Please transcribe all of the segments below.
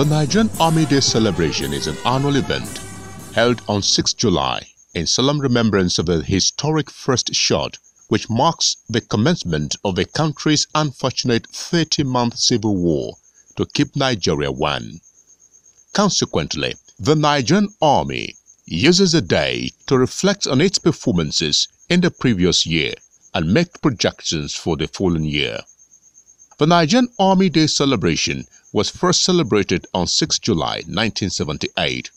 The Nigerian Army Day celebration is an annual event held on 6 July in solemn remembrance of the historic first shot which marks the commencement of the country's unfortunate 30-month civil war to keep Nigeria one. Consequently, the Nigerian army uses the day to reflect on its performances in the previous year and make projections for the following year. The Nigerian Army Day celebration was first celebrated on 6 July 1978.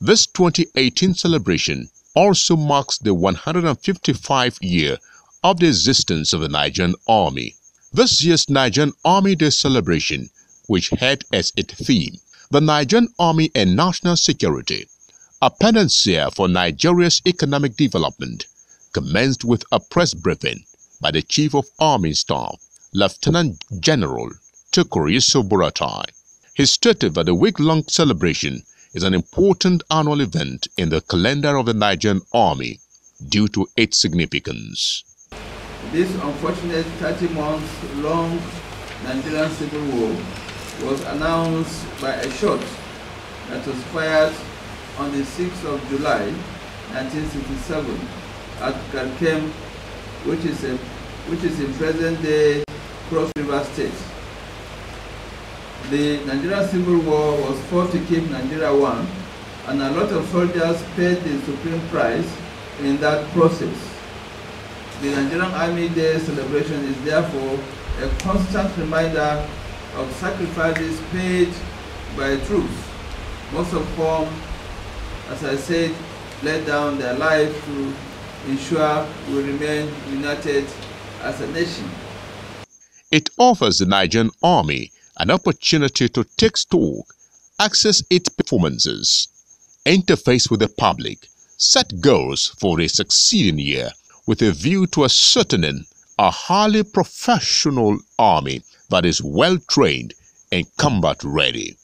This 2018 celebration also marks the 155th year of the existence of the Nigerian Army. This year's Nigerian Army Day celebration, which had as its theme the Nigerian Army and National Security, a panacea for Nigeria's economic development, commenced with a press briefing by the Chief of Army Staff, Lieutenant General Chukuri Suburatai. He stated that the week-long celebration is an important annual event in the calendar of the Nigerian Army due to its significance. This unfortunate 30 months long Nigerian Civil War was announced by a shot that was fired on the 6th of July 1967 at Karkem, which is, a, which is in present-day Cross River State. The Nigeria Civil War was fought to keep Nigeria one, and a lot of soldiers paid the supreme price in that process. The Nigerian Army Day celebration is therefore a constant reminder of sacrifices paid by troops, most of whom, as I said, laid down their lives to ensure we remain united as a nation. It offers the Nigerian army an opportunity to take stock, access its performances, interface with the public, set goals for a succeeding year with a view to ascertaining a highly professional army that is well trained and combat ready.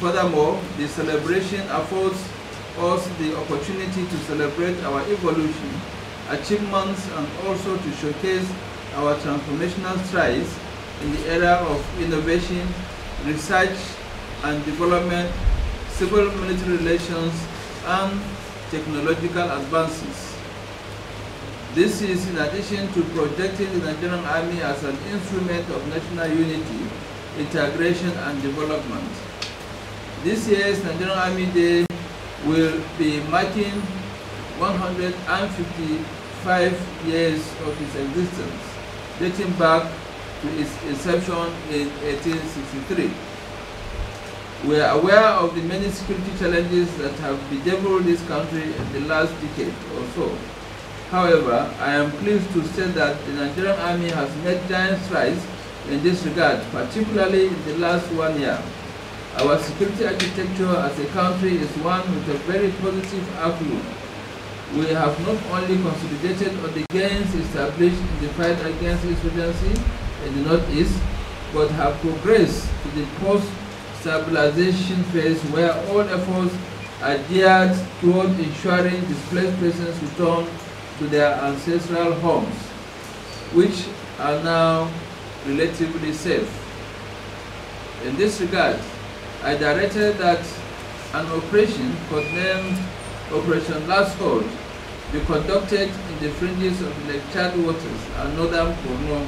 Furthermore, the celebration affords us the opportunity to celebrate our evolution, achievements, and also to showcase our transformational strides in the area of innovation, research and development, civil military relations, and technological advances. This is in addition to projecting the Nigerian Army as an instrument of national unity, integration, and development. This year's Nigerian Army Day will be marking 155 years of its existence, dating back to its inception in 1863. We are aware of the many security challenges that have bedeviled this country in the last decade or so. However, I am pleased to say that the Nigerian Army has made giant strides in this regard, particularly in the last one year. Our security architecture as a country is one with a very positive outlook. We have not only consolidated on the gains established in the fight against insurgency, in the northeast, but have progressed to the post-stabilization phase where all efforts are geared toward ensuring displaced persons return to their ancestral homes, which are now relatively safe. In this regard, I directed that an operation codenamed Operation Last Call be conducted in the fringes of Lake Chad waters and northern Borno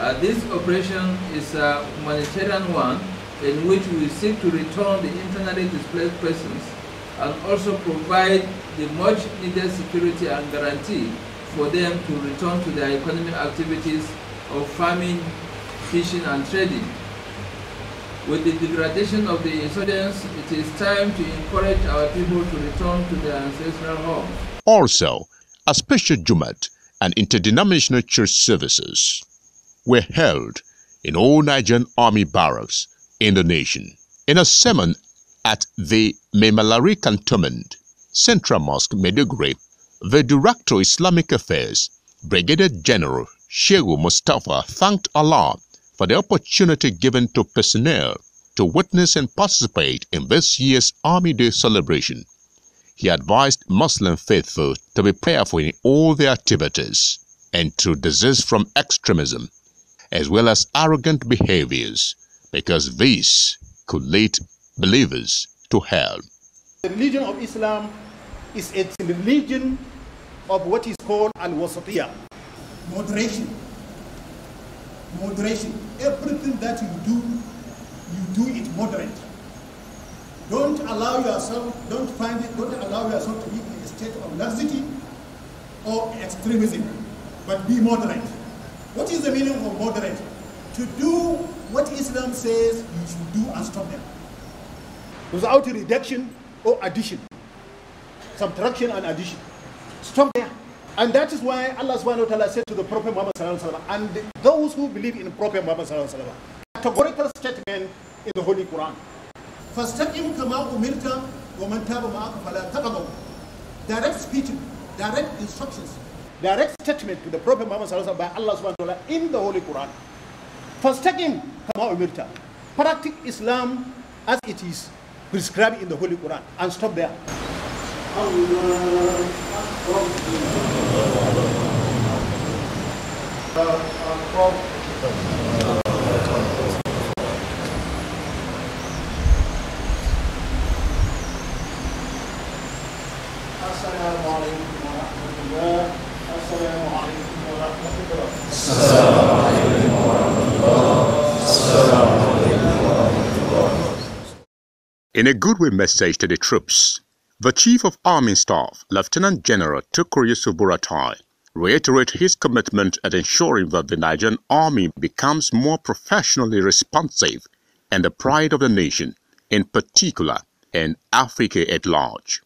uh, this operation is a humanitarian one in which we seek to return the internally displaced persons and also provide the much needed security and guarantee for them to return to their economic activities of farming, fishing and trading. With the degradation of the insurgents, it is time to encourage our people to return to their ancestral homes. Also, a special Jumat and interdenominational church services were held in all Nigerian army barracks in the nation. In a sermon at the Memalari Cantonment, Central Mosque Meduguri, the Director of Islamic Affairs, Brigadier General Shehu Mustafa thanked Allah for the opportunity given to personnel to witness and participate in this year's Army Day celebration. He advised Muslim faithful to be prayerful in all their activities and to desist from extremism as well as arrogant behaviors, because these could lead believers to hell. The religion of Islam is a religion of what is called al-wasatiyah. Moderation. Moderation. Everything that you do, you do it moderate. Don't allow yourself, don't find it, don't allow yourself to be in a state of laxity or extremism, but be moderate. What is the meaning of moderate? To do what Islam says you should do and stop them. Without reduction or addition. Subtraction and addition. Stop there. And that is why Allah subhanahu wa ta'ala said to the Prophet Muhammad sallallahu and those who believe in Prophet Muhammad sallallahu alaihi wasallam, categorical statement in the Holy Quran. Direct speech, direct instructions, direct statement to the Prophet Muhammad by Allah subhanahu wa ta'ala in the Holy Quran. First, taking kama umirta. Practice Islam as it is prescribed in the Holy Quran and stop there. Allah, In a goodwill message to the troops, the Chief of Army Staff, Lieutenant General Tukuyu Suburatai, reiterated his commitment at ensuring that the Nigerian Army becomes more professionally responsive and the pride of the nation, in particular, and Africa at large.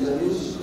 de amigos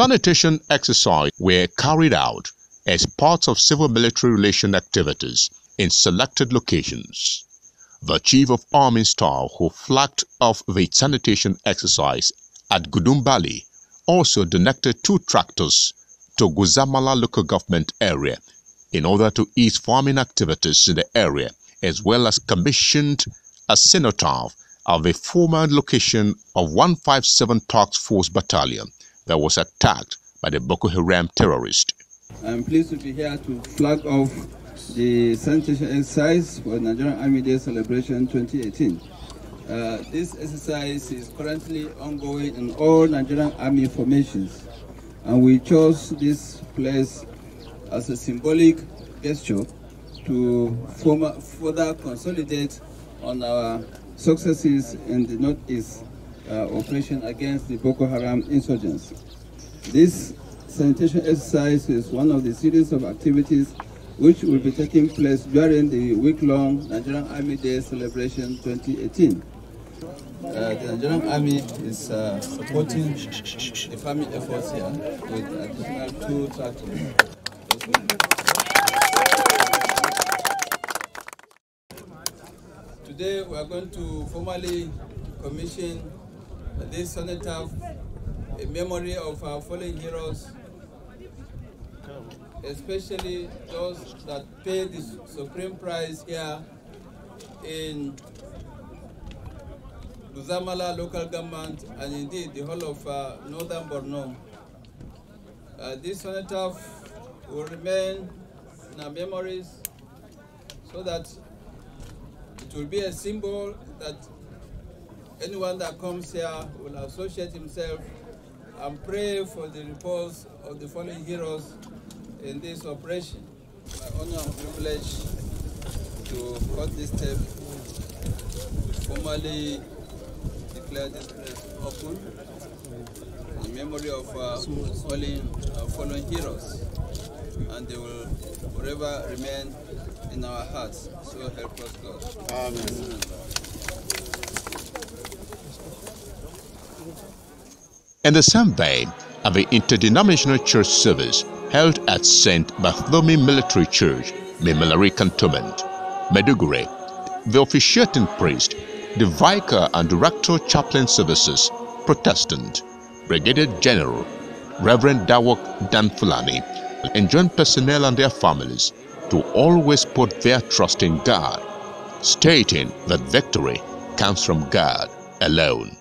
Sanitation exercises were carried out as part of civil military relation activities in selected locations. The Chief of Army Staff who flagged off the sanitation exercise at Gudumbali also donated two tractors to Guzamala local government area in order to ease farming activities in the area as well as commissioned a cenotaph at the former location of 157 Task Force Battalion that was attacked by the Boko Haram terrorist. I'm pleased to be here to flag off the sanitation exercise for Nigerian Army Day celebration 2018. Uh, this exercise is currently ongoing in all Nigerian Army formations, and we chose this place as a symbolic gesture to form, further consolidate on our successes in the Northeast uh, operation against the Boko Haram insurgents. This sanitation exercise is one of the series of activities which will be taking place during the week-long Nigerian Army Day celebration 2018. Uh, the Nigerian Army is uh, supporting the farming efforts here with additional two tractors. Today we are going to formally commission this cenotaph, a memory of our fallen heroes, especially those that paid the supreme price here in Buzamala local government and indeed the whole of uh, northern Borno. Uh, this cenotaph will remain in our memories so that it will be a symbol that Anyone that comes here will associate himself and pray for the repose of the fallen heroes in this operation. My honor and privilege to cut this tape, formally declare this place open in memory of uh, fallen, uh, fallen heroes, and they will forever remain in our hearts. So help us God. Amen. Amen. and the same vein of the interdenominational church service held at St. Bartholomew Military Church, Mimilari Cantonment, Medugure, the officiating priest, the vicar and director chaplain services, Protestant, Brigadier General, Reverend Dawok Danfulani, enjoined personnel and their families to always put their trust in God, stating that victory comes from God alone.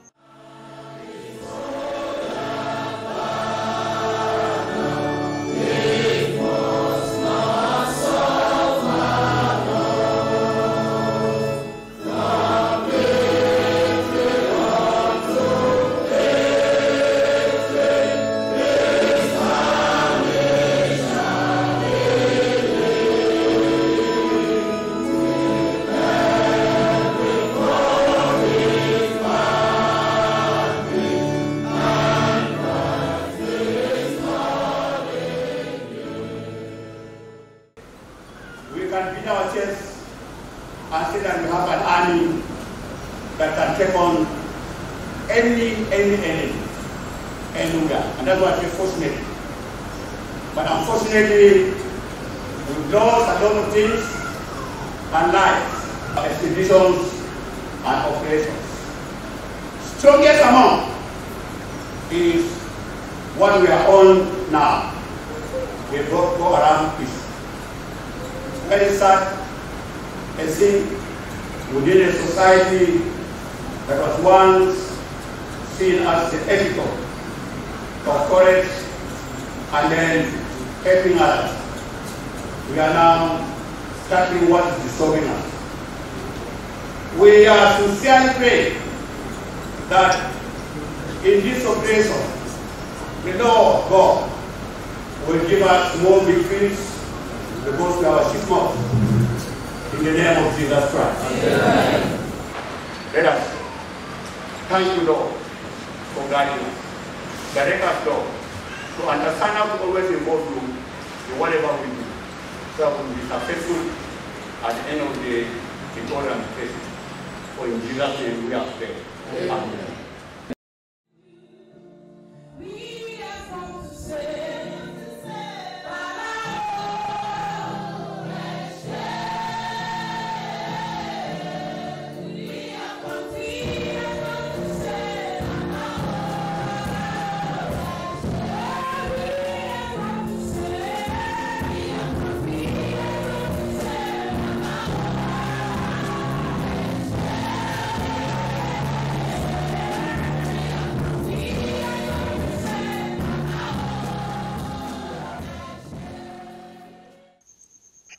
to our shipment. In the name of Jesus Christ. Amen. Let us thank you, Lord, for guiding us. Direct us, Lord, to understand how to always involve you in whatever we do, so that we will be successful at the end of the, the program. For in Jesus' name we are prayed. Amen.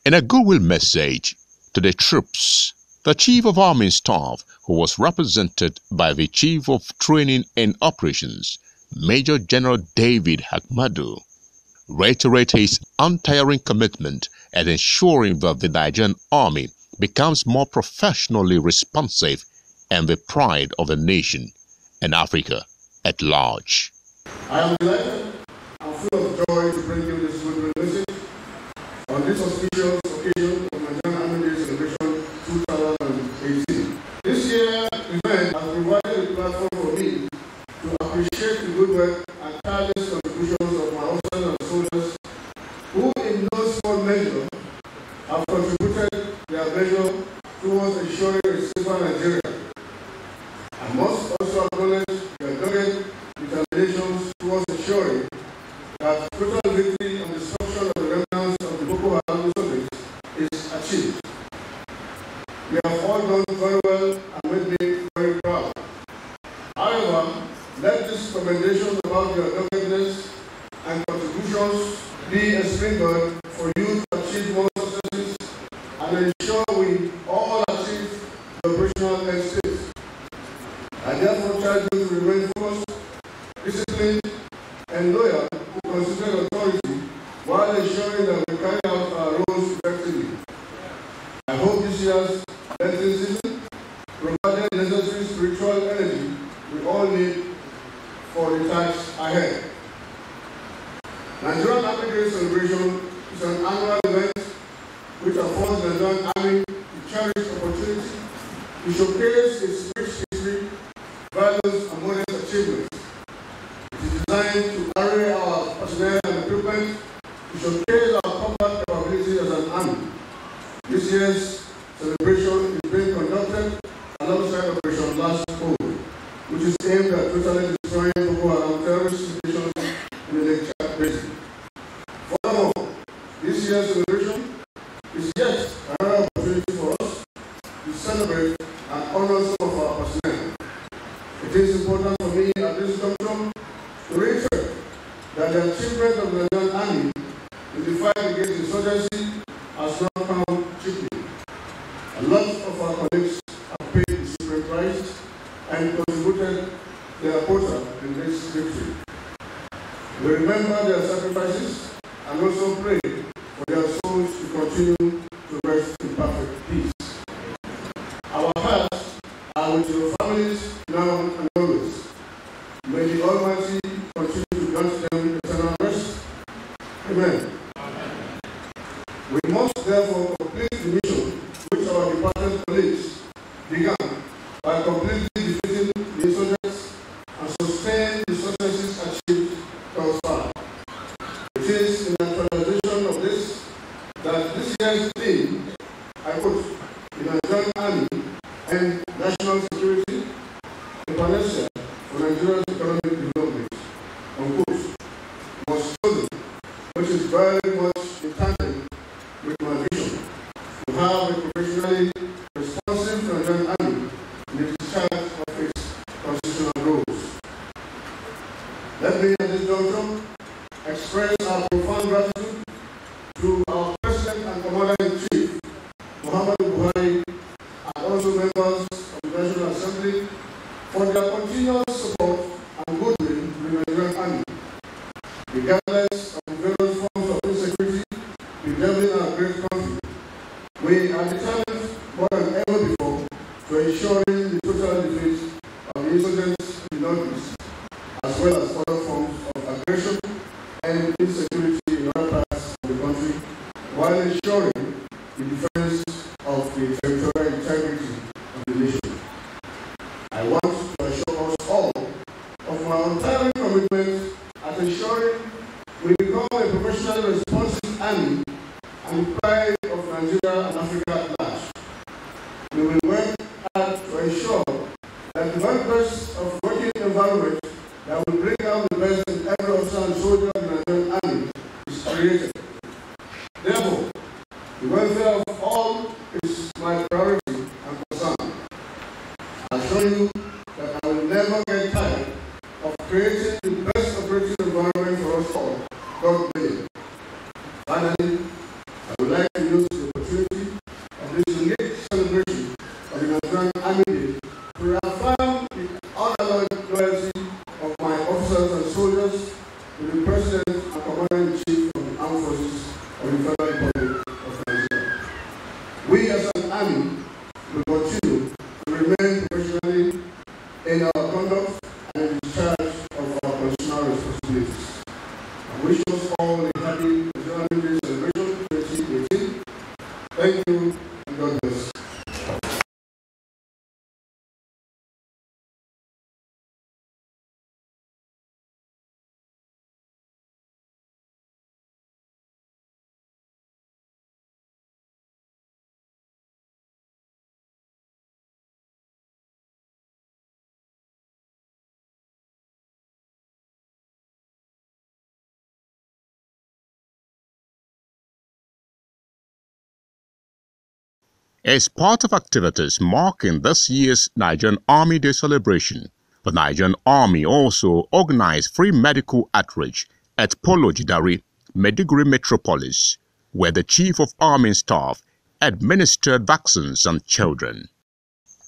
in a goodwill message to the troops, the Chief of Army Staff, who was represented by the Chief of Training and Operations, Major General David Hakmadu, reiterated his untiring commitment at ensuring that the Nigerian Army becomes more professionally responsive and the pride of the nation and Africa at large. I am glad and full of joy to bring you this good this auspicious occasion of Nigerian Army Day celebration 2018. This year's event has provided a platform for me to appreciate the good work Amen. Amen. We must therefore I assure you that I will never get tired of creating As part of activities marking this year's Nigerian Army Day celebration, the Nigerian Army also organized free medical outreach at Polo Jidari, Medigri Metropolis, where the Chief of Army Staff administered vaccines on children.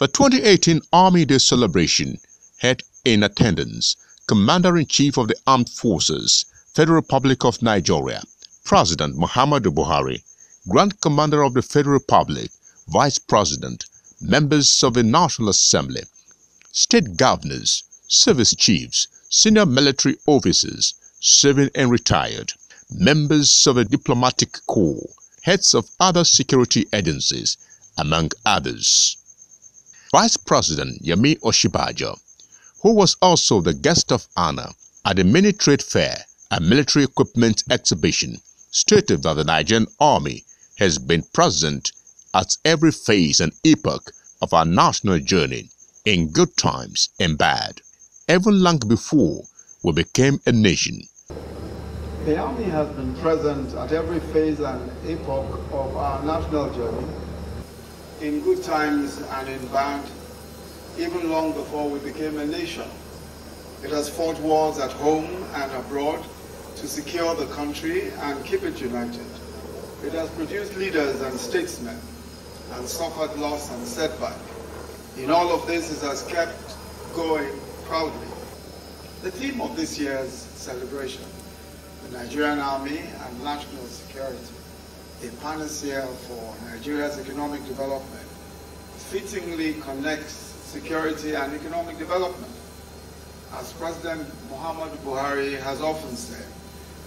The 2018 Army Day celebration had in attendance Commander-in-Chief of the Armed Forces, Federal Republic of Nigeria, President Muhammadu Buhari, Grand Commander of the Federal Republic, Vice President, members of the National Assembly, state governors, service chiefs, senior military officers, serving and retired, members of the diplomatic corps, heads of other security agencies, among others. Vice President Yemi Oshibajo, who was also the guest of honor at the mini trade fair and military equipment exhibition, stated that the Nigerian army has been present at every phase and epoch of our national journey, in good times and bad, even long before we became a nation. The army has been present at every phase and epoch of our national journey, in good times and in bad, even long before we became a nation. It has fought wars at home and abroad to secure the country and keep it united. It has produced leaders and statesmen and suffered loss and setback. In all of this, it has kept going proudly. The theme of this year's celebration, the Nigerian Army and National Security, a panacea for Nigeria's economic development, fittingly connects security and economic development. As President Muhammad Buhari has often said,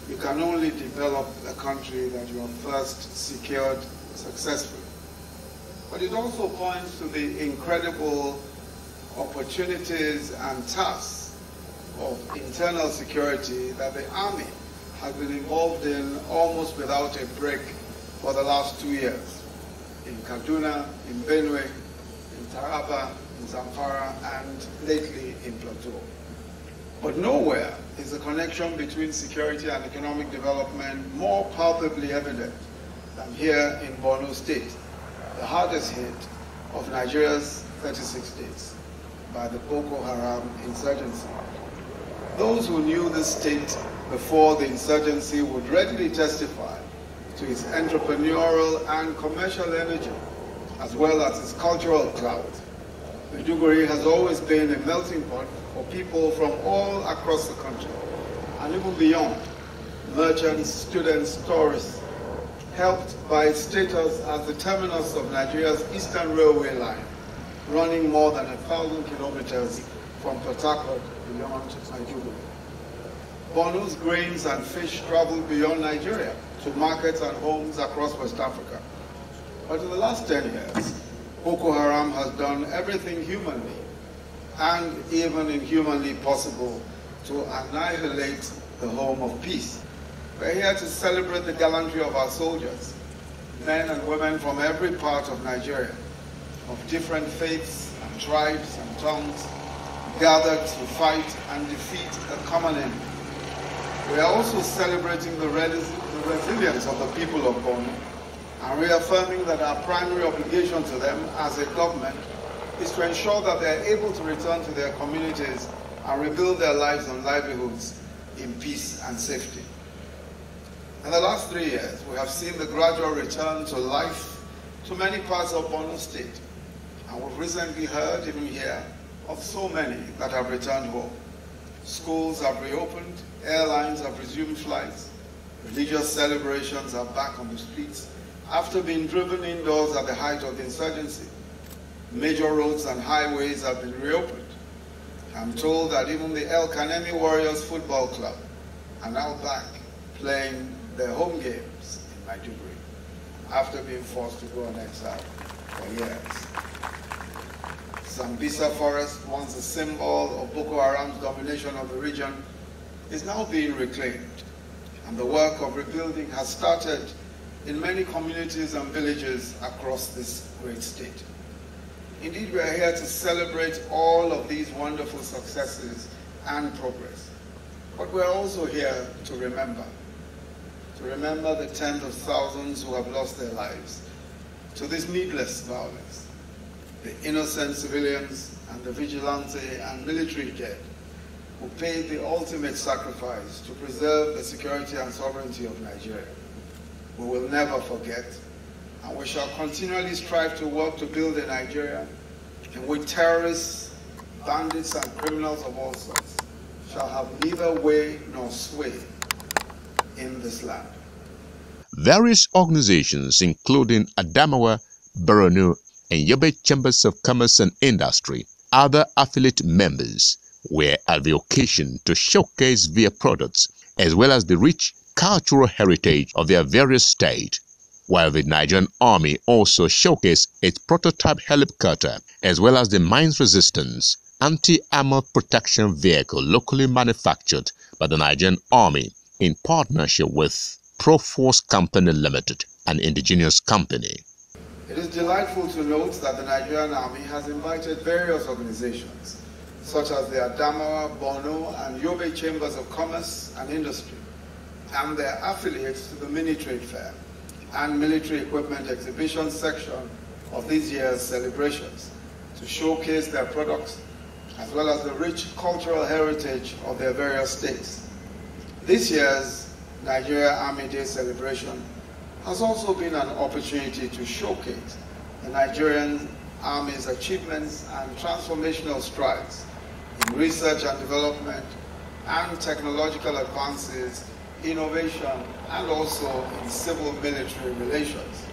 you can only develop a country that you have first secured successfully but it also points to the incredible opportunities and tasks of internal security that the Army has been involved in almost without a break for the last two years in Kaduna, in Benue, in Taraba, in Zamfara, and lately in Plateau. But nowhere is the connection between security and economic development more palpably evident than here in Borno State, the hardest hit of Nigeria's 36 states by the Boko Haram insurgency. Those who knew the state before the insurgency would readily testify to its entrepreneurial and commercial energy, as well as its cultural clout. Maiduguri has always been a melting pot for people from all across the country, and even beyond, merchants, students, tourists, helped by its status as the terminus of Nigeria's Eastern Railway line, running more than a thousand kilometers from Port Harcourt beyond Nigeria, Bono's grains and fish traveled beyond Nigeria to markets and homes across West Africa. But in the last 10 years, Boko Haram has done everything humanly and even inhumanly possible to annihilate the home of peace we're here to celebrate the gallantry of our soldiers, men and women from every part of Nigeria, of different faiths and tribes and tongues, gathered to fight and defeat a common enemy. We are also celebrating the, the resilience of the people of Borno and reaffirming that our primary obligation to them as a government is to ensure that they are able to return to their communities and rebuild their lives and livelihoods in peace and safety. In the last three years, we have seen the gradual return to life to many parts of Borno State. And we've recently heard, even here, of so many that have returned home. Schools have reopened, airlines have resumed flights, religious celebrations are back on the streets after being driven indoors at the height of the insurgency. Major roads and highways have been reopened. I'm told that even the El Kanemi Warriors Football Club are now back playing the home games in Maiduguri after being forced to go on exile for years. Sambisa Forest, once a symbol of Boko Haram's domination of the region, is now being reclaimed, and the work of rebuilding has started in many communities and villages across this great state. Indeed, we are here to celebrate all of these wonderful successes and progress. But we're also here to remember Remember the tens of thousands who have lost their lives to this needless violence, the innocent civilians and the vigilante and military dead who paid the ultimate sacrifice to preserve the security and sovereignty of Nigeria. We will never forget, and we shall continually strive to work to build a Nigeria in which terrorists, bandits, and criminals of all sorts shall have neither way nor sway in this land. Various organizations, including Adamawa, Borno, and Yobe Chambers of Commerce and Industry, other affiliate members, were at the occasion to showcase their products as well as the rich cultural heritage of their various states. While the Nigerian army also showcased its prototype helicopter as well as the mines resistance anti-armor protection vehicle locally manufactured by the Nigerian army in partnership with Proforce Company Limited, an indigenous company. It is delightful to note that the Nigerian Army has invited various organizations, such as the Adamawa, Bono, and Yobe Chambers of Commerce and Industry, and their affiliates to the Mini Trade Fair and Military Equipment Exhibition section of this year's celebrations to showcase their products as well as the rich cultural heritage of their various states. This year's Nigeria Army Day celebration has also been an opportunity to showcase the Nigerian Army's achievements and transformational strides in research and development and technological advances, innovation, and also in civil-military relations.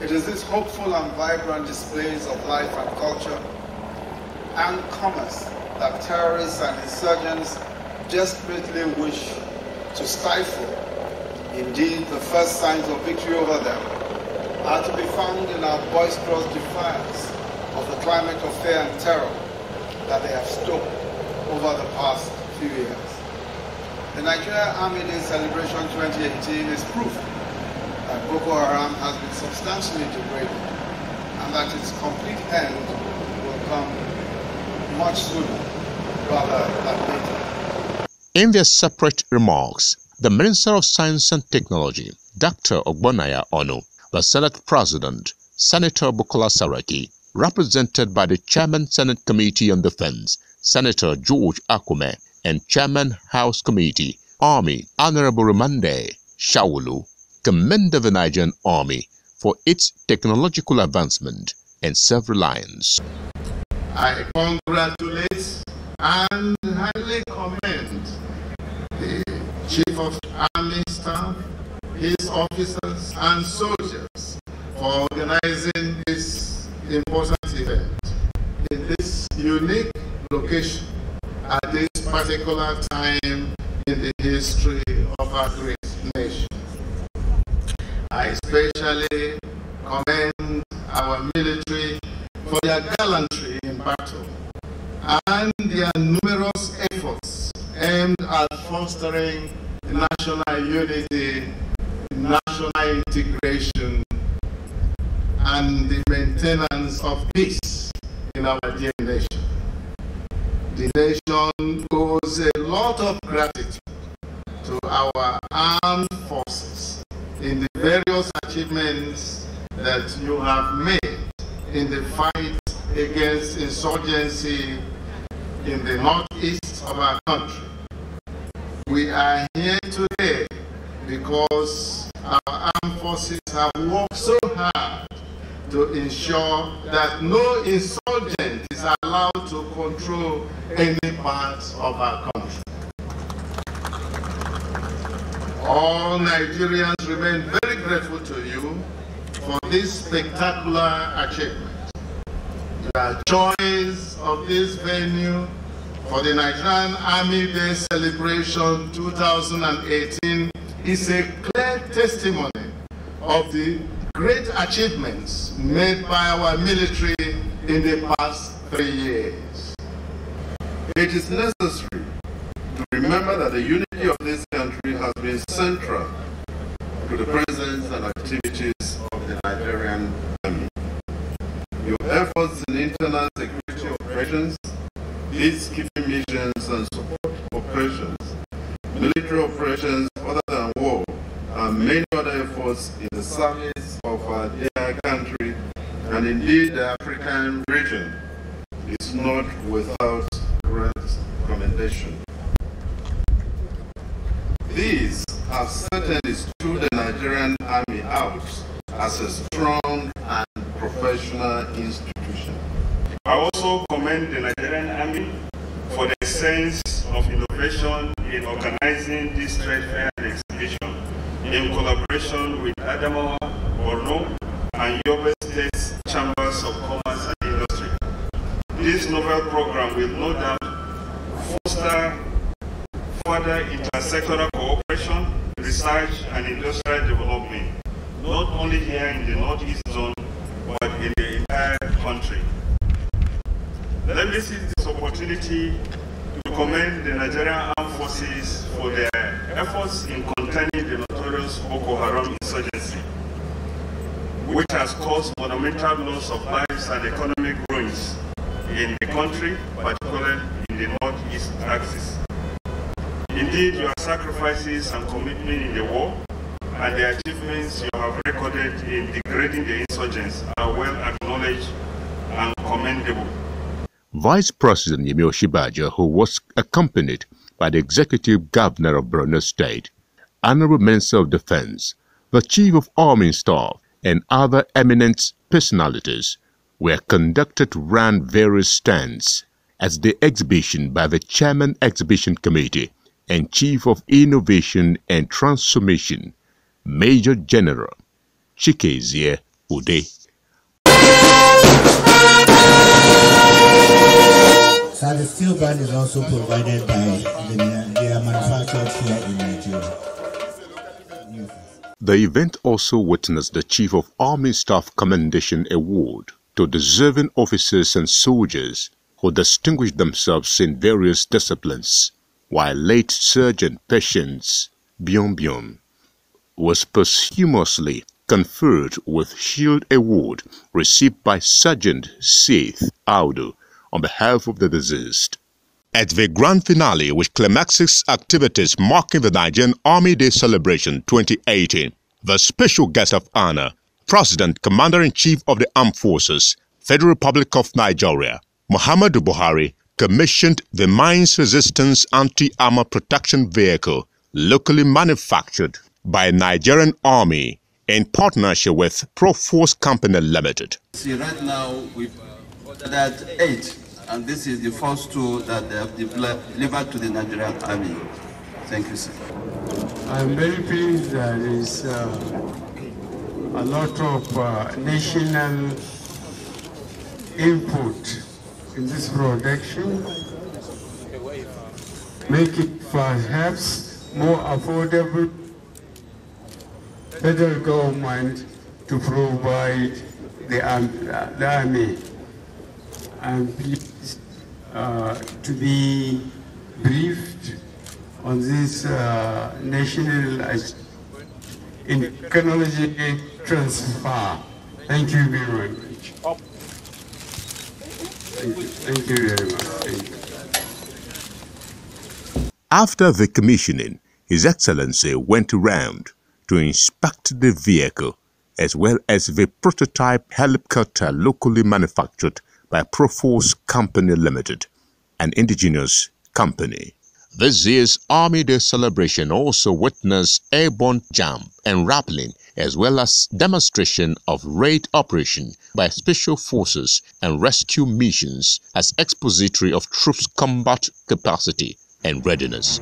It is these hopeful and vibrant displays of life and culture and commerce that terrorists and insurgents desperately wish to stifle. Indeed, the first signs of victory over them are to be found in our boisterous defiance of the climate of fear and terror that they have stoked over the past few years. The Nigeria Army Day celebration 2018 is proof that Boko Haram has been substantially degraded and that its complete end will come much sooner rather than later. In their separate remarks, the Minister of Science and Technology, Dr. Ogbonaya Onu, the Senate President, Senator Bukola Saraki, represented by the Chairman Senate Committee on Defense, Senator George Akume, and Chairman House Committee, Army, Honorable Ramande Shaulu, commended the Nigerian Army for its technological advancement and self-reliance. I congratulate and highly commend the Chief of Army Staff, his officers and soldiers for organizing this important event in this unique location at this particular time in the history of our great nation. I especially commend our military for their gallantry in battle and their numerous efforts aimed at fostering national unity, national integration, and the maintenance of peace in our dear nation. The nation owes a lot of gratitude to our armed forces in the various achievements that you have made in the fight against insurgency in the northeast of our country. We are here today because our armed forces have worked so hard to ensure that no insurgent is allowed to control any part of our country. All Nigerians remain very grateful to you for this spectacular achievement the choice of this venue for the Nigerian Army Day celebration 2018 is a clear testimony of the great achievements made by our military in the past three years. It is necessary to remember that the unity of this country has been central to the presence and activities of the Nigerian Army efforts in internal security operations, peacekeeping missions and support operations, military operations other than war, and many other efforts in the service of our dear country and indeed the African region is not without great commendation. These have certainly stood the Nigerian army out as a strong and professional institution. I also commend the Nigerian Army for the sense of innovation in organizing this trade fair and exhibition in collaboration with Adamawa, Borno, and Yobe States Chambers of Commerce and Industry. This novel program will no doubt foster further intersectoral cooperation, research, and industrial development, not only here in the Northeast Zone, country. Let me seize this opportunity to commend the Nigerian Armed Forces for their efforts in containing the notorious Boko Haram insurgency, which has caused monumental loss of lives and economic ruins in the country, particularly in the northeast axis. Indeed, your sacrifices and commitment in the war and the achievements you have recorded in degrading the insurgents are well acknowledged commendable. Vice President Yemi Oshibaja, who was accompanied by the Executive Governor of Brunei State, Honorable Minister of Defense, the Chief of Army Staff, and other eminent personalities, were conducted round various stands at the exhibition by the Chairman Exhibition Committee and Chief of Innovation and Transformation, Major General Chikezie Ude the steel band is also provided by the, they are manufactured here in Nigeria. The event also witnessed the Chief of Army Staff Commendation Award to deserving officers and soldiers who distinguished themselves in various disciplines, while late Sergeant Patience Byom was posthumously conferred with Shield Award received by Sergeant Seth Audu on behalf of the deceased. At the grand finale, which climaxes activities marking the Nigerian Army Day celebration 2018, the special guest of honor, President Commander-in-Chief of the Armed Forces, Federal Republic of Nigeria, Muhammadu Buhari, commissioned the Mines Resistance Anti-Armor Protection Vehicle, locally manufactured by Nigerian Army in partnership with Proforce Company Limited. See, right now we've ordered eight, and this is the first two that they have delivered to the Nigerian Army. Thank you, sir. I'm very pleased that there is uh, a lot of uh, national input in this production, make it perhaps more affordable federal government to provide the, um, the army and please uh, to be briefed on this uh, national uh, in technology transfer. Thank you very much. Thank you, Thank you very much. You. After the commissioning, His Excellency went around to inspect the vehicle as well as the prototype helicopter locally manufactured by Proforce Company Limited, an indigenous company. This year's Army Day celebration also witnessed airborne jump and rappelling as well as demonstration of raid operation by special forces and rescue missions as expository of troops' combat capacity and readiness.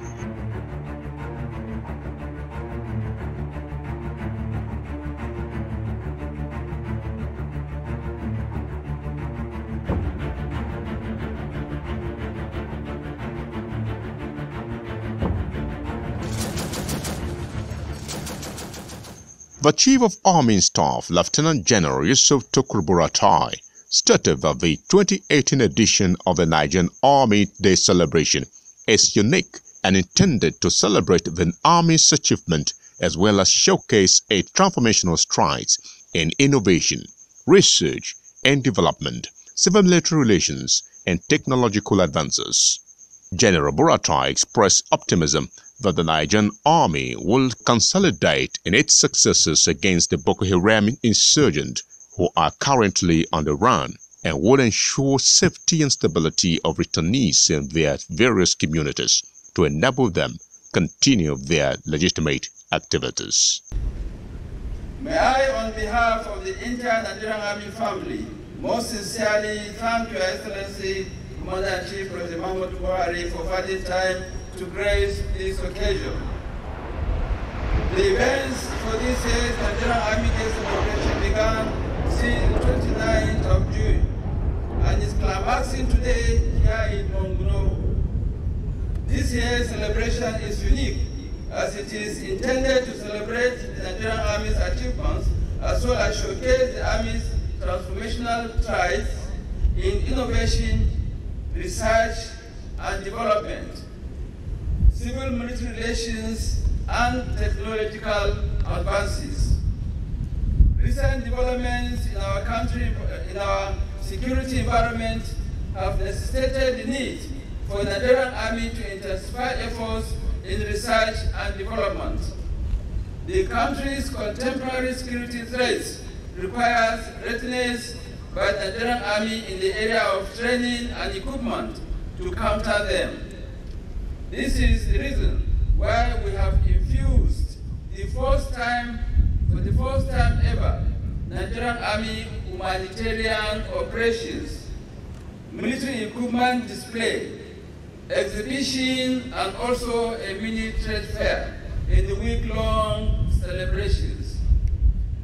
The Chief of Army Staff, Lieutenant General Yusuf Tukur Buratai, stated that the 2018 edition of the Nigerian Army Day celebration is unique and intended to celebrate the Army's achievement as well as showcase its transformational strides in innovation, research and development, civil military relations, and technological advances. General Buratai expressed optimism that the Nigerian army will consolidate in its successes against the Boko Haram insurgents who are currently on the run and will ensure safety and stability of returnees in their various communities to enable them continue their legitimate activities. May I, on behalf of the entire Nigerian Army family, most sincerely thank Your Excellency, Commander-in-Chief President Mahmoud Buhari for finding time to grace this occasion. The events for this year's Nigerian Army Day celebration began since 29th of June and is climaxing today here in Monguno. This year's celebration is unique as it is intended to celebrate the Nigerian Army's achievements as well as showcase the Army's transformational strides in innovation, research, and development civil military relations, and technological advances. Recent developments in our country, in our security environment, have necessitated the need for the Nigerian Army to intensify efforts in research and development. The country's contemporary security threats requires readiness by the Nigerian Army in the area of training and equipment to counter them. This is the reason why we have infused the first time, for the first time ever, Nigerian Army humanitarian operations, military equipment display, exhibition, and also a mini trade fair in the week-long celebrations.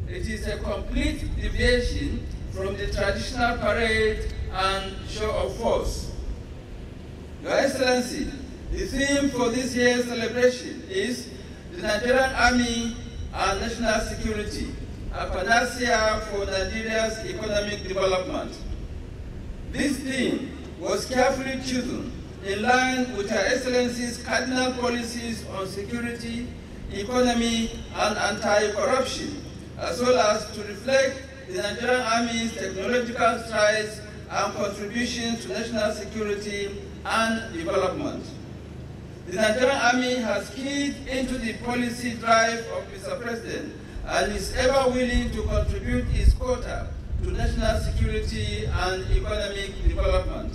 It is a complete deviation from the traditional parade and show of force. Your Excellency, the theme for this year's celebration is the Nigerian Army and National Security, a panacea for Nigeria's economic development. This theme was carefully chosen in line with Her Excellency's cardinal policies on security, economy, and anti-corruption, as well as to reflect the Nigerian Army's technological strides and contributions to national security and development. The Nigerian Army has keyed into the policy drive of Mr. President and is ever willing to contribute its quota to national security and economic development.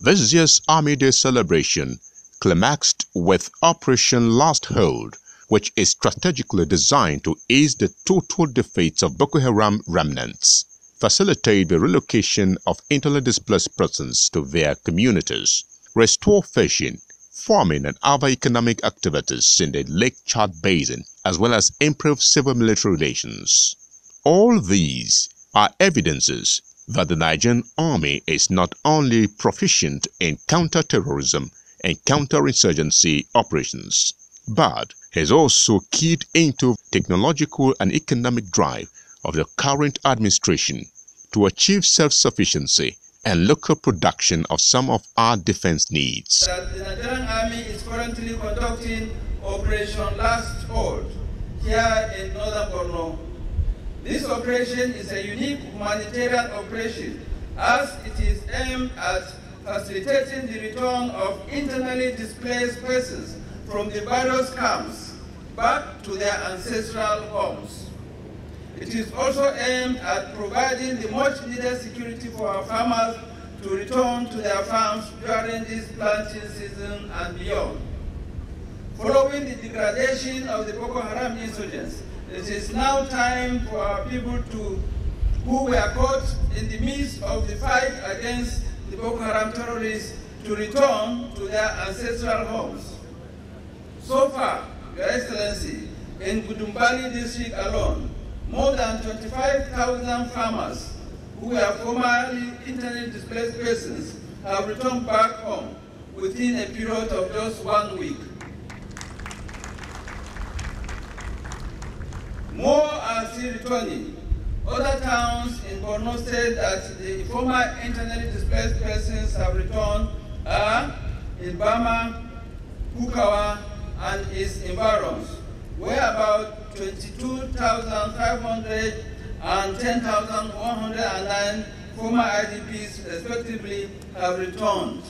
This year's Army Day celebration climaxed with Operation Last Hold, which is strategically designed to ease the total defeat of Boko Haram remnants, facilitate the relocation of internally displaced persons to their communities, restore fishing, farming and other economic activities in the Lake Chad Basin, as well as improve civil military relations. All these are evidences that the Nigerian army is not only proficient in counter-terrorism and counter-insurgency operations, but has also keyed into technological and economic drive of the current administration to achieve self-sufficiency and local production of some of our defense needs. The Nigerian Army is currently conducting Operation Last Hold here in northern Borno. This operation is a unique humanitarian operation as it is aimed at facilitating the return of internally displaced persons from the various camps back to their ancestral homes. It is also aimed at providing the much-needed security for our farmers to return to their farms during this planting season and beyond. Following the degradation of the Boko Haram insurgents, it is now time for our people to, who were caught in the midst of the fight against the Boko Haram terrorists to return to their ancestral homes. So far, Your Excellency, in Gudumbali district alone, more than 25,000 farmers who were formerly internally displaced persons have returned back home within a period of just one week. More are still returning. Other towns in Borno state that the former internally displaced persons have returned are in Bama, Bukawa, and its environs, where about 22,500 and 10,109 former IDPs, respectively, have returned.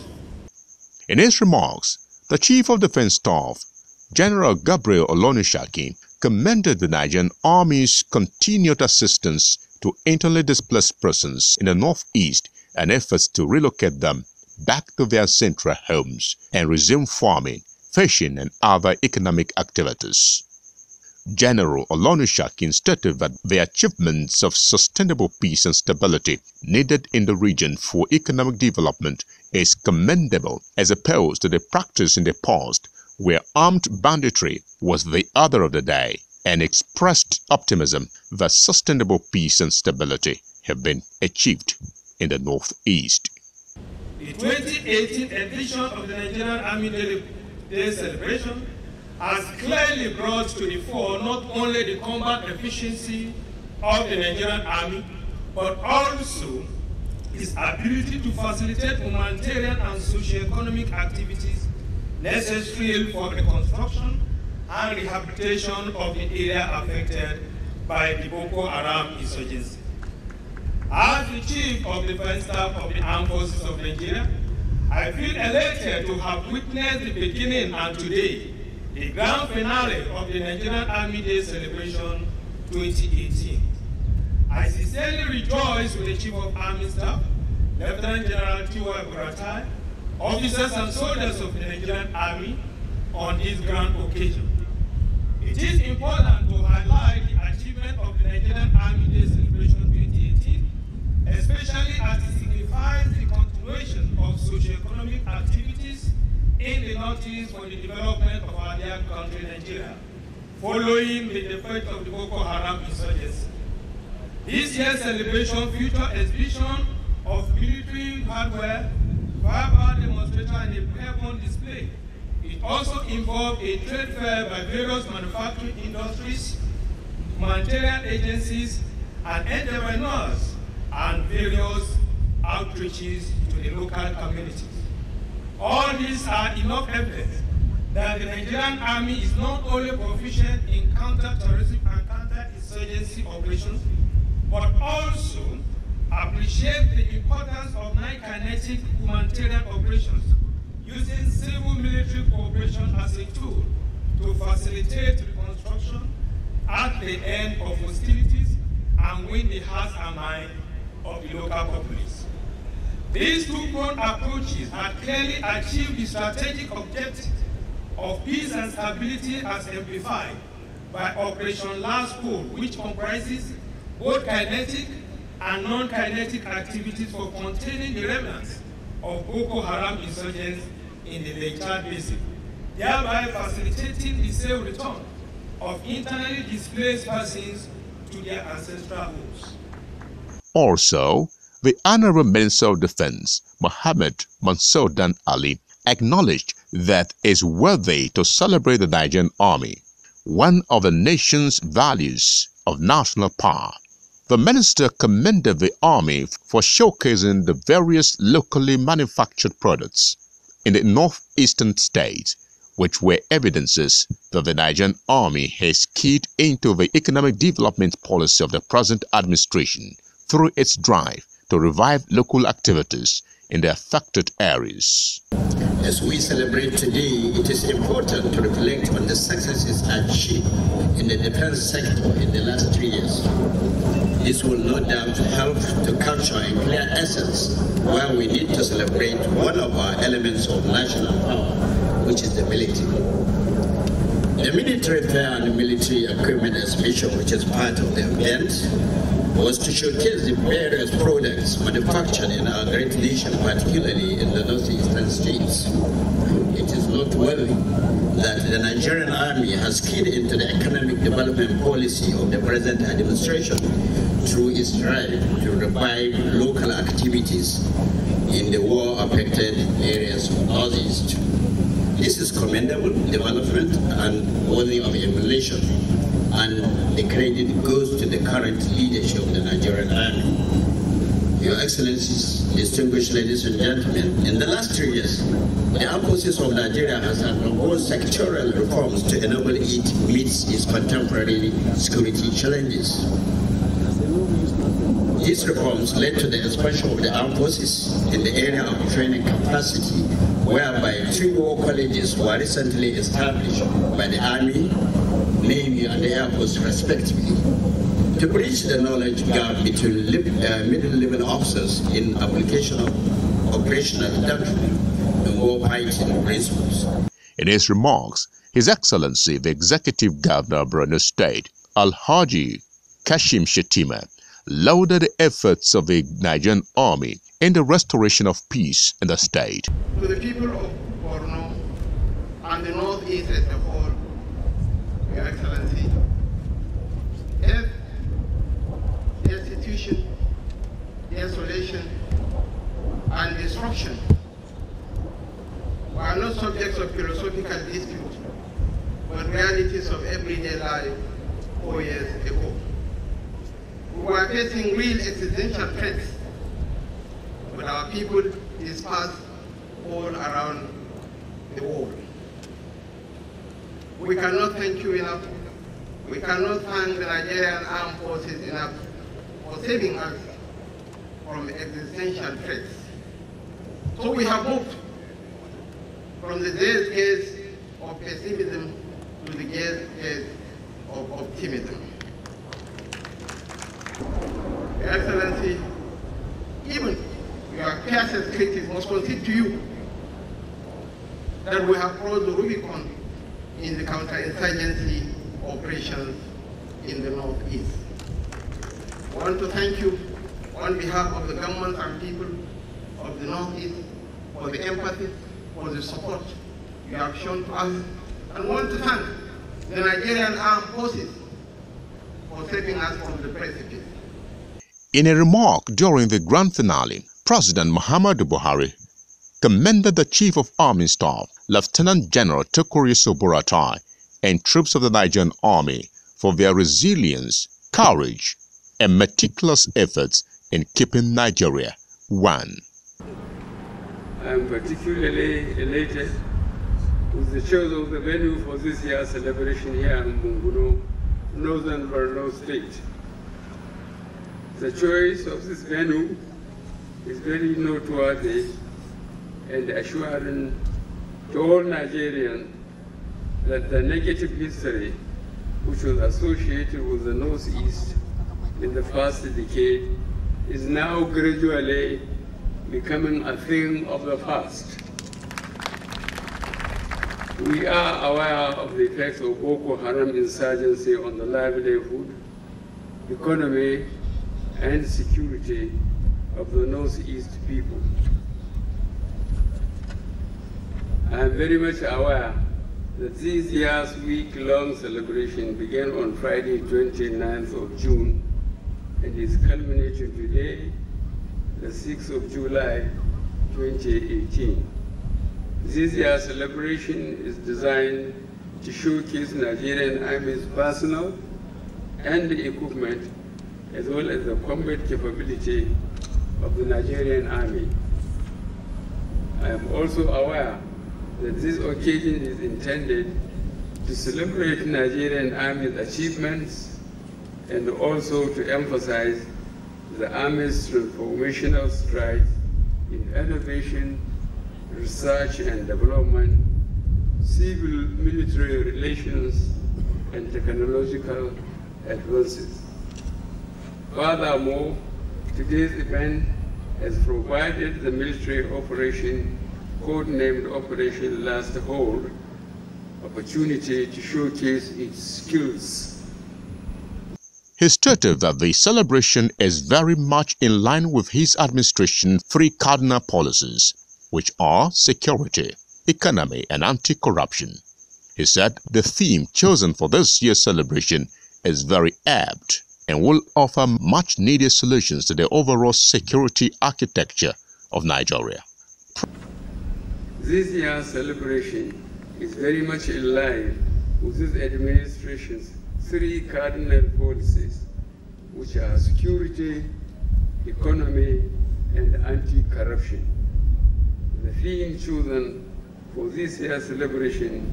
In his remarks, the Chief of Defense Staff, General Gabriel Olonishaki, commended the Nigerian Army's continued assistance to internally displaced persons in the northeast and efforts to relocate them back to their central homes and resume farming, fishing, and other economic activities. General Olonushak stated that the achievements of sustainable peace and stability needed in the region for economic development is commendable as opposed to the practice in the past where armed banditry was the order of the day and expressed optimism that sustainable peace and stability have been achieved in the northeast. The 2018 edition of the Nigerian Army Day celebration has clearly brought to the fore not only the combat efficiency of the Nigerian army, but also its ability to facilitate humanitarian and socio-economic activities necessary for the construction and rehabilitation of the area affected by the Boko Haram insurgency. As the Chief of the Defense Staff of the Armed Forces of Nigeria, I feel elated to have witnessed the beginning and today the grand finale of the Nigerian Army Day celebration 2018. I sincerely rejoice with the Chief of Army Staff, Lieutenant General Tiwa Buratai, officers and soldiers of the Nigerian Army on this grand occasion. It is important to highlight the achievement of the Nigerian Army Day celebration 2018, especially as it signifies the continuation of socio-economic activities in the Northeast for the development of our dear country, Nigeria, following the defeat of the Boko Haram insurgency. This year's celebration featured exhibition of military hardware, verbal demonstration, and a pavement display. It also involved a trade fair by various manufacturing industries, humanitarian agencies, and entrepreneurs, and various outreaches to the local communities. All these are enough evidence that the Nigerian army is not only proficient in counter-terrorism and counter-insurgency operations, but also appreciate the importance of non-kinetic humanitarian operations using civil military cooperation as a tool to facilitate reconstruction at the end of hostilities and win the hearts and minds of the local populace. These two-pronged approaches have clearly achieved the strategic objective of peace and stability as amplified by Operation Last Call, which comprises both kinetic and non-kinetic activities for containing the remnants of Boko Haram insurgents in the Lake Chad Basin, thereby facilitating the safe return of internally displaced persons to their ancestral homes. Also, the Honorable Minister of Defense, Mohammed Mansour Dan Ali, acknowledged that it is worthy to celebrate the Nigerian Army, one of the nation's values of national power. The minister commended the Army for showcasing the various locally manufactured products in the northeastern states, which were evidences that the Nigerian Army has keyed into the economic development policy of the present administration through its drive to revive local activities in the affected areas. As we celebrate today, it is important to reflect on the successes achieved in the defense sector in the last three years. This will no doubt help to capture a clear essence where we need to celebrate one of our elements of national power, which is the military. The military fair and military equipment exhibition, which is part of the event, was to showcase the various products manufactured in our great nation, particularly in the northeastern states. It is noteworthy that the Nigerian army has keyed into the economic development policy of the present administration through its drive to revive local activities in the war-affected areas of Northeast. This is commendable development and worthy of emulation. And the credit goes to the current leadership of the Nigerian Army. Your Excellencies, distinguished ladies and gentlemen, in the last three years, the armed forces of Nigeria has undergone sectoral reforms to enable it meet its contemporary security challenges. These reforms led to the expansion of the armed forces in the area of training capacity whereby two war colleges were recently established by the Army, Navy, and the Air Force respectively to bridge the knowledge gap between uh, middle-level officers in application of operational doctrine and war fighting principles. In his remarks, His Excellency the Executive Governor of Brunei, State, Al-Haji Kashim Shetima, lauded the efforts of the Nigerian army in the restoration of peace in the state. To the people of Borno and the Northeast as a whole, Your Excellency, if destitution, desolation, and destruction are not subjects of philosophical dispute, but realities of everyday life four years ago who are facing real existential threats. But our people dispersed all around the world. We cannot thank you enough. We cannot thank the Nigerian armed forces enough for saving us from existential threats. So we have moved from the days of pessimism to the days of optimism. Your Excellency, even your fiercest critics must concede to you that we have crossed the Rubicon in the counterinsurgency operations in the Northeast. I want to thank you on behalf of the government and people of the Northeast for the empathy, for the support you have shown to us, and want to thank the Nigerian Armed Forces for saving us from the precipice. In a remark during the grand finale, President Muhammadu Buhari commended the Chief of Army Staff, Lieutenant General Tokoriso Buratai, and troops of the Nigerian Army for their resilience, courage, and meticulous efforts in keeping Nigeria one. I am particularly elated with the choice of the venue for this year's celebration here in Munguno, northern Borno state. The choice of this venue is very noteworthy and assuring to all Nigerians that the negative history which was associated with the Northeast in the past decade is now gradually becoming a thing of the past. We are aware of the effects of Boko Haram insurgency on the livelihood, economy, and security of the Northeast people. I am very much aware that this year's week-long celebration began on Friday, 29th of June, and is culminating today, the 6th of July, 2018. This year's celebration is designed to showcase Nigerian Army's personnel and equipment as well as the combat capability of the Nigerian army. I am also aware that this occasion is intended to celebrate Nigerian Army's achievements and also to emphasize the Army's transformational strides in innovation, research and development, civil-military relations, and technological advances. Furthermore, today's event has provided the military operation, codenamed Operation Last Hold, opportunity to showcase its skills. He stated that the celebration is very much in line with his administration's three cardinal policies, which are security, economy, and anti-corruption. He said the theme chosen for this year's celebration is very apt and will offer much needed solutions to the overall security architecture of Nigeria. This year's celebration is very much aligned with this administration's three cardinal policies, which are security, economy, and anti-corruption. The theme chosen for this year's celebration,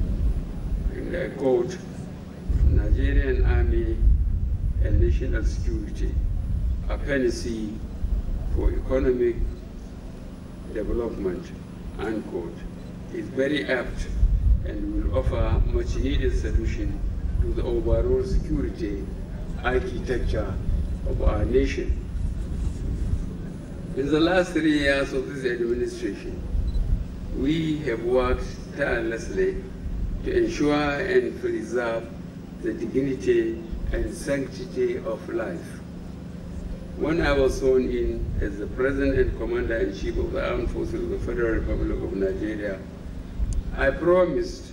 and I quote, Nigerian Army and national security, a policy for economic development, unquote, is very apt and will offer much needed solution to the overall security architecture of our nation. In the last three years of this administration, we have worked tirelessly to ensure and preserve the dignity and sanctity of life. When I was sworn in as the President and Commander-in-Chief of the Armed Forces of the Federal Republic of Nigeria, I promised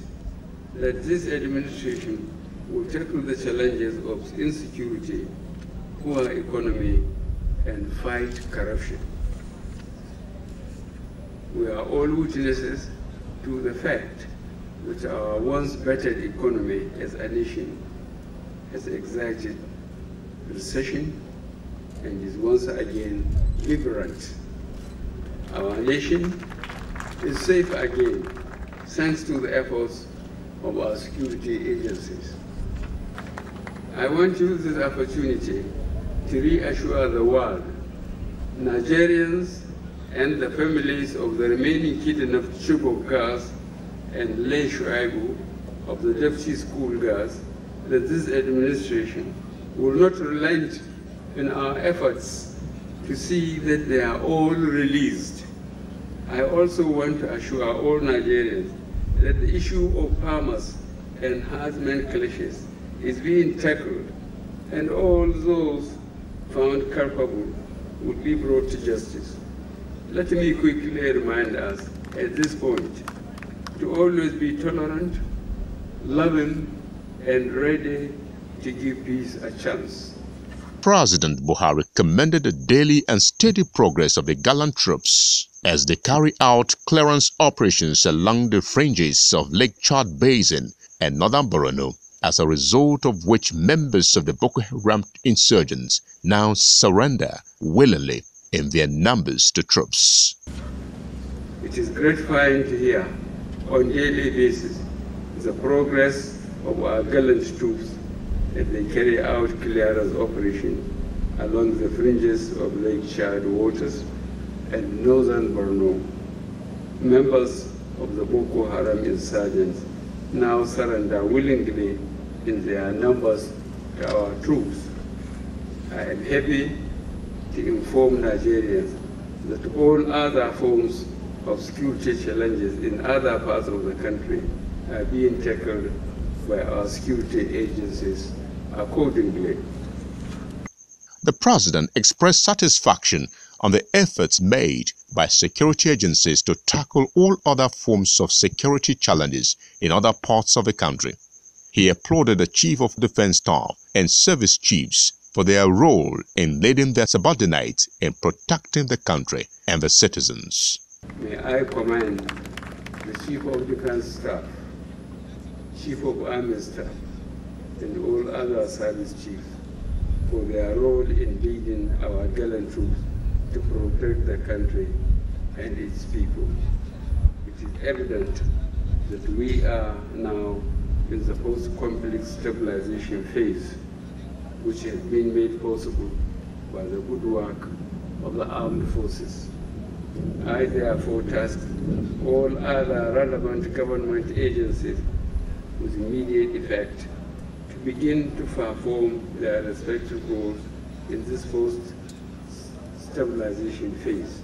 that this administration will tackle the challenges of insecurity, poor economy, and fight corruption. We are all witnesses to the fact that our once battered economy as a nation has exerted recession and is once again vibrant. Our nation is safe again thanks to the efforts of our security agencies. I want to use this opportunity to reassure the world, Nigerians and the families of the remaining kidnapped Chibok girls and Lay Shuaibu of the Deputy School girls that this administration will not relent in our efforts to see that they are all released. I also want to assure all Nigerians that the issue of farmers and herdsmen clashes is being tackled and all those found culpable will be brought to justice. Let me quickly remind us at this point to always be tolerant, loving, and ready to give peace a chance. President Buhari commended the daily and steady progress of the gallant troops as they carry out clearance operations along the fringes of Lake Chad Basin and northern Borno, as a result of which members of the Boko Haram insurgents now surrender willingly in their numbers to troops. It is gratifying to hear on daily basis the progress of our gallant troops as they carry out clearance operation along the fringes of Lake Chad waters and northern Borno. Members of the Boko Haram insurgents now surrender willingly in their numbers to our troops. I am happy to inform Nigerians that all other forms of security challenges in other parts of the country are being tackled by our security agencies accordingly. The president expressed satisfaction on the efforts made by security agencies to tackle all other forms of security challenges in other parts of the country. He applauded the Chief of Defense Staff and service chiefs for their role in leading their subordinates in protecting the country and the citizens. May I commend the Chief of Defense Staff Chief of Army Staff, and all other service chiefs for their role in leading our gallant troops to protect the country and its people. It is evident that we are now in the post-conflict stabilization phase, which has been made possible by the good work of the armed forces. I therefore task all other relevant government agencies with immediate effect to begin to perform their respective roles in this post-stabilization phase.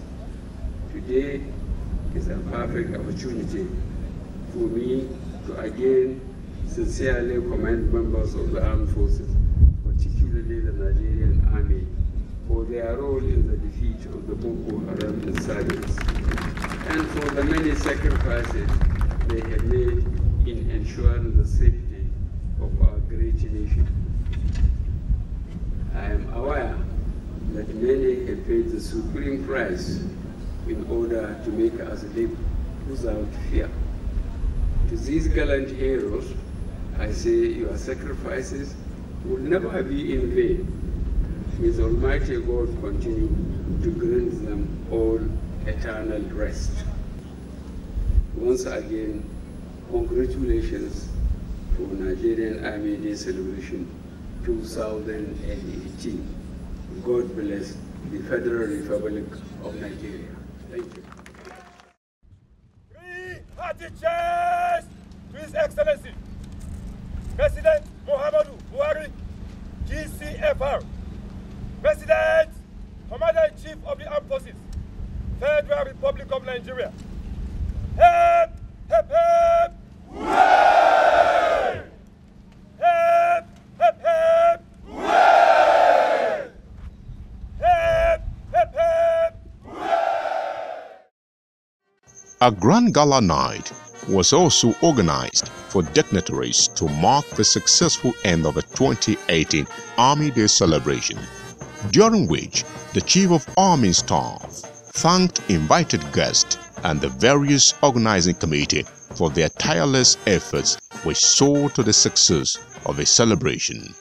Today is a perfect opportunity for me to again sincerely commend members of the armed forces, particularly the Nigerian army, for their role in the defeat of the Boko Haram insurgents and for the many sacrifices they have made in ensuring the safety of our great nation. I am aware that many have paid the supreme price in order to make us live without fear. To these gallant heroes, I say your sacrifices will never be in vain. May the Almighty God continue to grant them all eternal rest. Once again, Congratulations for Nigerian Army Day celebration 2018. God bless the Federal Republic of Nigeria. Thank you. Three attitudes to His Excellency, President Muhammadu Buhari, GCFR, President, Commander-in-Chief of the Armed Forces, Federal Republic of Nigeria. Help! Help! Help! A grand gala night was also organized for dignitaries to mark the successful end of the 2018 Army Day celebration, during which the Chief of Army Staff thanked invited guests and the various organizing committee for their tireless efforts which saw to the success of the celebration.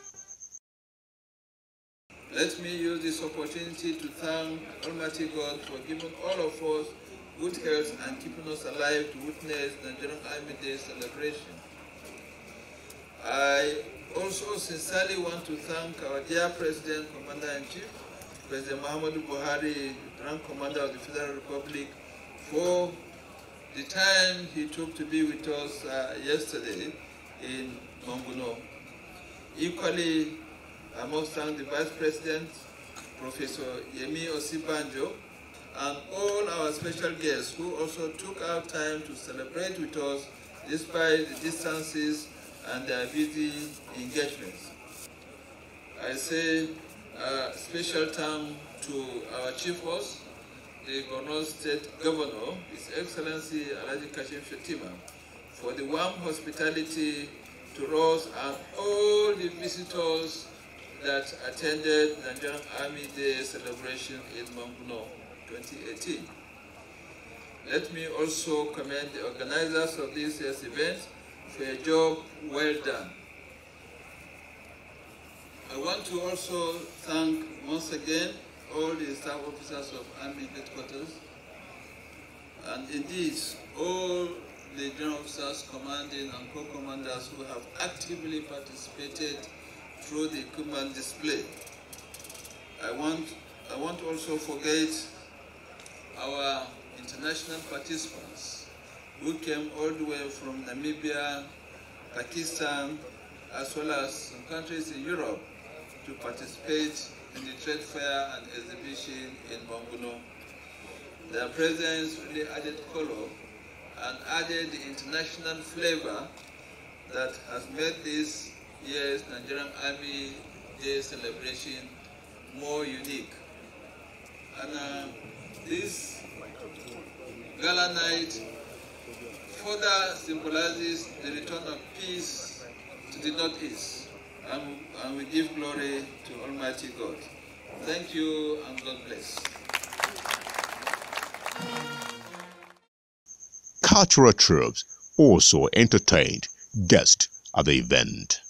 Let me use this opportunity to thank Almighty God for giving all of us good health and keeping us alive to witness the Nigerian Army Day celebration. I also sincerely want to thank our dear President, Commander-in-Chief, President Muhammadu Buhari, Grand Commander of the Federal Republic, for the time he took to be with us uh, yesterday in Monguno. Equally, I must thank the Vice President, Professor Yemi Osibanjo, and all our special guests who also took our time to celebrate with us despite the distances and their busy engagements. I say a special thanks to our chief host, the Borno State Governor, His Excellency Alaji Kashim Shetima, for the warm hospitality to us and all the visitors that attended Nigerian Army Day celebration in Manguno 2018. Let me also commend the organizers of this year's event for a job well done. I want to also thank once again all the staff officers of Army headquarters, and indeed all the general officers commanding and co-commanders who have actively participated through the equipment display. I want I want to also forget our international participants who came all the way from Namibia, Pakistan, as well as some countries in Europe to participate in the trade fair and exhibition in Banguno. Their presence really added color and added the international flavor that has made this year's Nigerian Army Day celebration more unique. And uh, this gala night further symbolizes the return of peace to the Northeast and, and we give glory to Almighty God. Thank you and God bless. Cultural troops also entertained guests at the event.